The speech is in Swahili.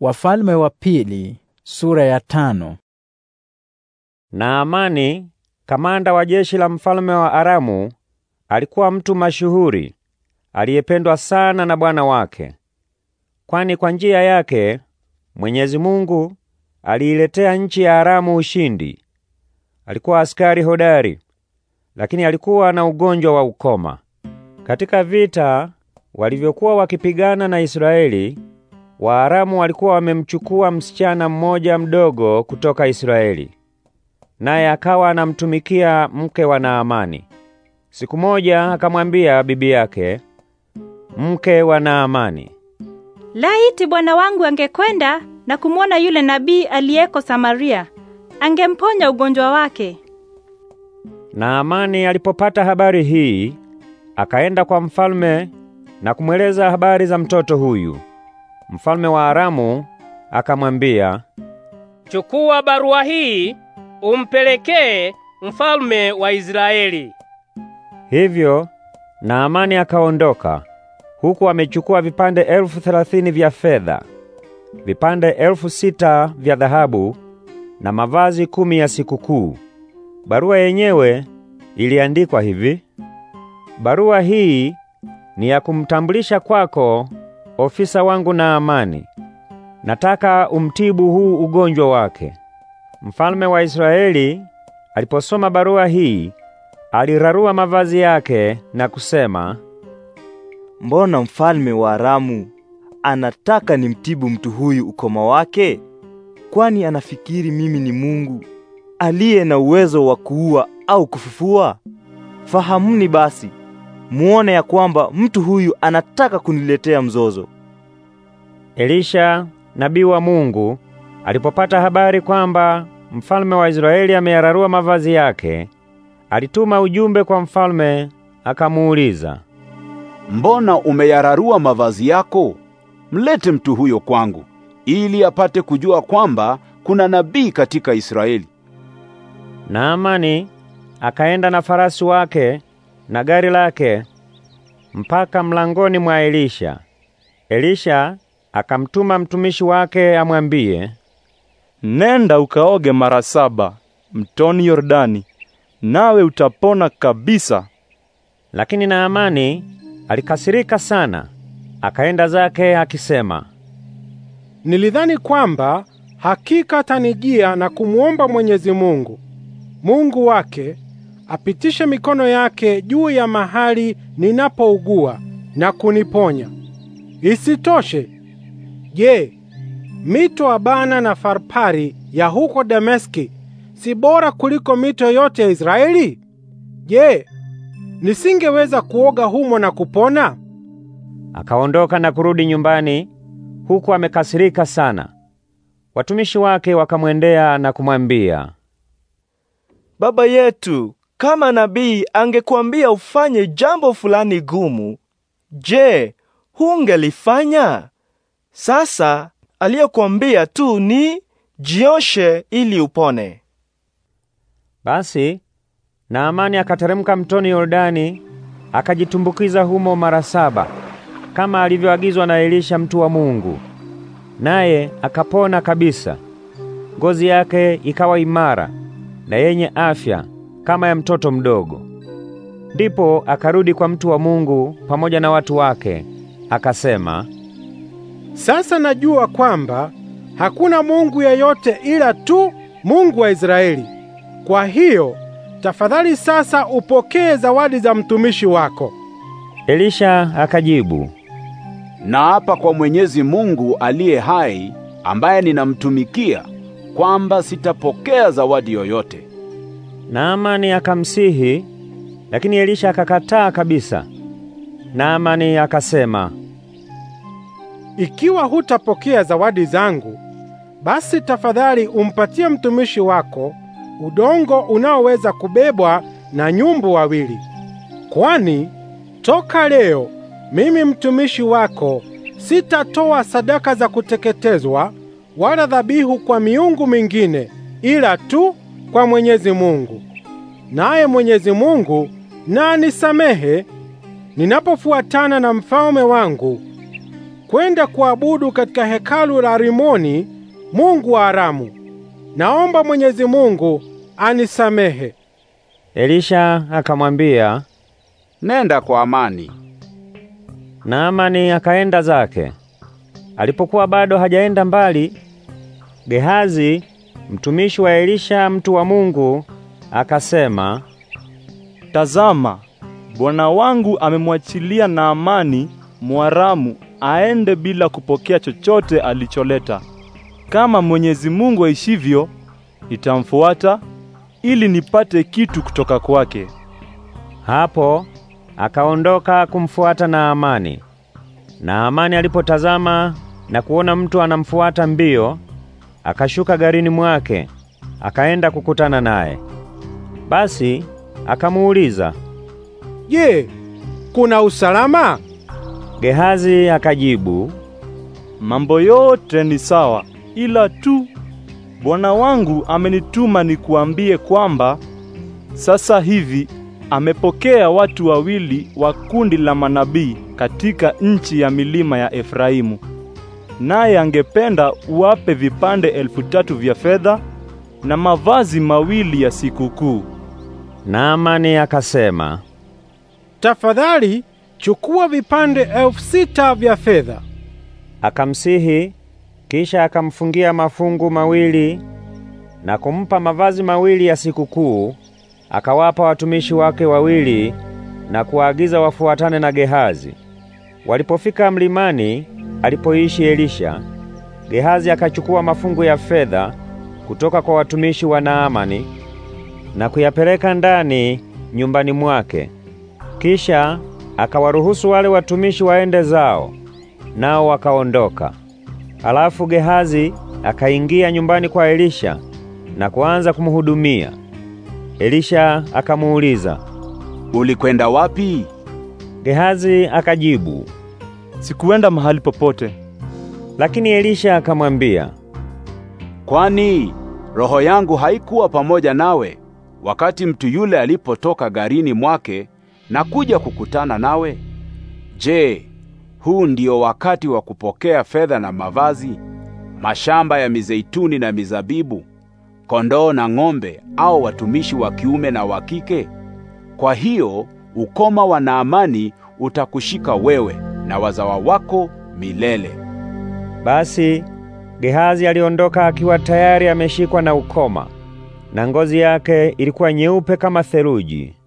Wafalme wa pili, sura ya tano. Naamani, kamanda wa jeshi la mfalme wa Aramu, alikuwa mtu mashuhuri, aliyependwa sana na bwana wake. Kwani kwa njia yake Mwenyezi Mungu aliiletea nchi ya Aramu ushindi. Alikuwa askari hodari, lakini alikuwa na ugonjwa wa ukoma. Katika vita walivyokuwa wakipigana na Israeli, Waaramu walikuwa wamemchukua msichana mmoja mdogo kutoka Israeli, naye akawa anamtumikia mke wa Naamani. Siku moja akamwambia bibi yake mke wa Naamani, laiti bwana wangu angekwenda na kumwona yule nabii aliyeko Samaria, angemponya ugonjwa wake. Naamani alipopata habari hii, akaenda kwa mfalme na kumweleza habari za mtoto huyu. Mfalme wa Aramu akamwambia, chukua barua hii umpelekee mfalme wa Israeli. Hivyo Naamani akaondoka huku amechukua vipande elfu thelathini vya fedha, vipande elfu sita vya dhahabu na mavazi kumi ya sikukuu. Barua yenyewe iliandikwa hivi: barua hii ni ya kumtambulisha kwako ofisa wangu na amani, nataka umtibu huu ugonjwa wake. Mfalme wa Israeli aliposoma barua hii alirarua mavazi yake na kusema, mbona mfalme wa Aramu anataka nimtibu mtu huyu ukoma wake? Kwani anafikiri mimi ni Mungu aliye na uwezo wa kuua au kufufua? Fahamuni basi muone ya kwamba mtu huyu anataka kuniletea mzozo. Elisha nabii wa Mungu alipopata habari kwamba mfalme wa Israeli ameyararua mavazi yake, alituma ujumbe kwa mfalme akamuuliza, mbona umeyararua mavazi yako? Mlete mtu huyo kwangu ili apate kujua kwamba kuna nabii katika Israeli. Naamani akaenda na farasi wake na gari lake mpaka mlangoni mwa Elisha. Elisha akamtuma mtumishi wake amwambie, nenda ukaoge mara saba mtoni Yordani, nawe utapona kabisa. Lakini Naamani alikasirika sana, akaenda zake akisema, nilidhani kwamba hakika atanijia na kumuomba Mwenyezi Mungu Mungu wake apitishe mikono yake juu ya mahali ninapougua na kuniponya. Isitoshe, je, mito Abana na Farpari ya huko Dameski si bora kuliko mito yote ya Israeli? Je, nisingeweza kuoga humo na kupona? Akaondoka na kurudi nyumbani huku amekasirika sana. Watumishi wake wakamwendea na kumwambia, Baba yetu, kama nabii angekuambia ufanye jambo fulani gumu, je, hungelifanya? Sasa aliyokuambia tu ni jioshe ili upone. Basi Naamani akateremka mtoni Yordani akajitumbukiza humo mara saba kama alivyoagizwa na Elisha mtu wa Mungu, naye akapona kabisa. Ngozi yake ikawa imara na yenye afya kama ya mtoto mdogo. Ndipo akarudi kwa mtu wa Mungu pamoja na watu wake, akasema, sasa najua kwamba hakuna Mungu yeyote ila tu Mungu wa Israeli. Kwa hiyo tafadhali sasa upokee zawadi za mtumishi wako. Elisha akajibu, naapa kwa Mwenyezi Mungu aliye hai ambaye ninamtumikia kwamba sitapokea zawadi yoyote Naamani akamsihi, lakini Elisha akakataa kabisa. Naamani akasema, ikiwa hutapokea zawadi zangu, basi tafadhali umpatie mtumishi wako udongo unaoweza kubebwa na nyumbu wawili, kwani toka leo mimi mtumishi wako sitatoa sadaka za kuteketezwa wala dhabihu kwa miungu mingine ila tu kwa Mwenyezi Mungu, naye Mwenyezi Mungu na nisamehe ninapofuatana na mfalme wangu kwenda kuabudu katika hekalu la Rimoni, mungu wa Aramu. Naomba Mwenyezi Mungu anisamehe. Elisha akamwambia, nenda kwa amani. Naamani akaenda zake. Alipokuwa bado hajaenda mbali, Gehazi Mtumishi wa Elisha mtu wa Mungu akasema, Tazama, bwana wangu amemwachilia Naamani Mwaramu aende bila kupokea chochote alicholeta. Kama Mwenyezi Mungu aishivyo, nitamfuata ili nipate kitu kutoka kwake. Hapo akaondoka kumfuata Naamani. Naamani alipotazama na kuona mtu anamfuata mbio, akashuka garini mwake akaenda kukutana naye. Basi akamuuliza, "Je, kuna usalama?" Gehazi akajibu, "Mambo yote ni sawa, ila tu bwana wangu amenituma nikuambie kwamba sasa hivi amepokea watu wawili wa kundi la manabii katika nchi ya milima ya Efraimu naye angependa uwape vipande elfu tatu vya fedha na mavazi mawili ya sikukuu. Naamani akasema, tafadhali chukua vipande elfu sita vya fedha. Akamsihi, kisha akamfungia mafungu mawili na kumpa mavazi mawili ya sikukuu. Akawapa watumishi wake wawili na kuwaagiza wafuatane na Gehazi. Walipofika mlimani alipoishi Elisha, Gehazi akachukua mafungu ya fedha kutoka kwa watumishi wa Naamani na kuyapeleka ndani nyumbani mwake. Kisha akawaruhusu wale watumishi waende zao, nao wakaondoka. Alafu Gehazi akaingia nyumbani kwa Elisha na kuanza kumhudumia. Elisha akamuuliza, "Ulikwenda wapi?" Gehazi akajibu, sikuenda mahali popote. Lakini Elisha akamwambia, kwani roho yangu haikuwa pamoja nawe wakati mtu yule alipotoka garini mwake na kuja kukutana nawe? Je, huu ndio wakati wa kupokea fedha na mavazi, mashamba ya mizeituni na mizabibu, kondoo na ng'ombe, au watumishi wa kiume na wa kike? Kwa hiyo ukoma wa Naamani utakushika wewe na wazawa wako milele. Basi Gehazi aliondoka akiwa tayari ameshikwa na ukoma, na ngozi yake ilikuwa nyeupe kama theluji.